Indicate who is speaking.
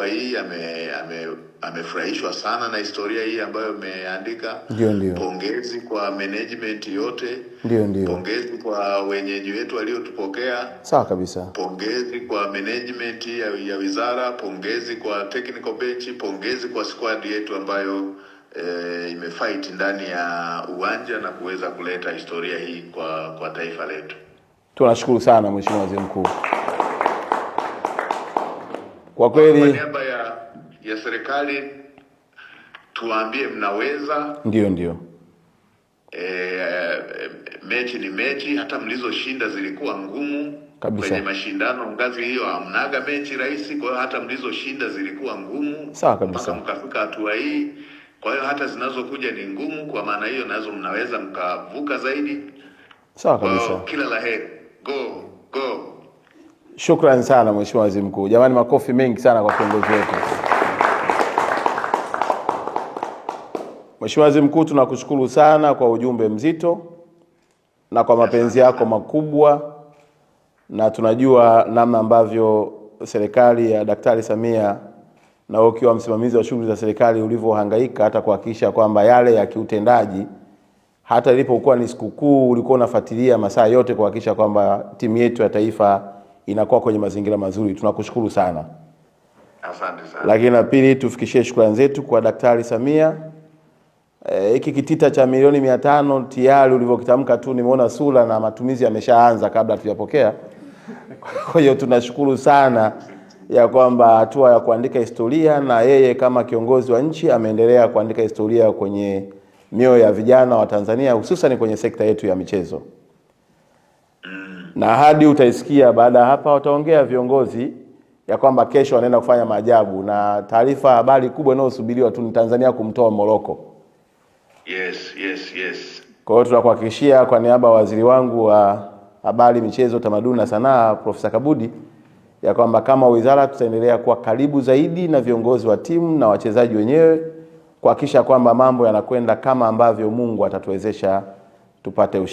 Speaker 1: hatua hii, amefurahishwa ame, ame sana na historia hii ambayo umeandika. Ndio, ndio. Pongezi kwa management yote. Ndio, ndio. Pongezi kwa wenyeji wetu waliotupokea.
Speaker 2: Sawa kabisa.
Speaker 1: Pongezi kwa management ya, ya wizara, pongezi kwa technical bench, pongezi kwa squad yetu ambayo E, imefight ndani ya uwanja na kuweza kuleta historia hii kwa, kwa taifa letu.
Speaker 2: Tunashukuru sana Mheshimiwa Waziri Mkuu kwa kweli
Speaker 1: niaba ya, ya serikali tuwaambie mnaweza. Ndio, ndio. E, mechi ni mechi, hata mlizoshinda zilikuwa ngumu kabisa. Kwenye mashindano ngazi hiyo hamnaga mechi rahisi, kwa hiyo hata mlizoshinda zilikuwa ngumu.
Speaker 2: Sawa kabisa,
Speaker 1: mkafika hatua hii, kwa hiyo hata zinazokuja ni ngumu. Kwa maana hiyo nazo mnaweza mkavuka zaidi.
Speaker 2: Sawa kabisa,
Speaker 1: kila la heri. Go, go.
Speaker 2: Shukrani sana Mheshimiwa Waziri Mkuu. Jamani, makofi mengi sana kwa kiongozi wetu. Mheshimiwa Waziri Mkuu, tunakushukuru sana kwa ujumbe mzito na kwa mapenzi yako makubwa, na tunajua namna ambavyo serikali ya Daktari Samia na wewe ukiwa msimamizi wa shughuli za serikali ulivyohangaika hata kuhakikisha kwamba yale ya kiutendaji hata ilipokuwa ni sikukuu ulikuwa unafuatilia masaa yote kuhakikisha kwamba timu yetu ya taifa inakuwa kwenye mazingira mazuri. Tunakushukuru sana,
Speaker 1: asante sana.
Speaker 2: Lakini la pili, tufikishie shukrani zetu kwa Daktari Samia. Eh, hiki e, kitita cha milioni mia tano tayari ulivyokitamka tu nimeona sura na matumizi yameshaanza kabla tujapokea Kwa hiyo tunashukuru sana ya kwamba hatua ya kuandika historia na yeye kama kiongozi wa nchi ameendelea kuandika historia kwenye mioyo ya vijana wa Tanzania hususan kwenye sekta yetu ya michezo. Mm. na hadi utaisikia baada ya hapa, wataongea viongozi ya kwamba kesho wanaenda kufanya maajabu, na taarifa habari kubwa inayosubiriwa tu ni Tanzania kumtoa Moroko.
Speaker 1: Yes, yes, yes.
Speaker 2: Kwa hiyo tunakuhakikishia kwa niaba ya waziri wangu wa habari, michezo, tamaduni na sanaa Profesa Kabudi ya kwamba kama wizara tutaendelea kuwa karibu zaidi na viongozi wa timu na wachezaji wenyewe kuhakikisha kwamba mambo yanakwenda kama ambavyo Mungu atatuwezesha tupate ushindi.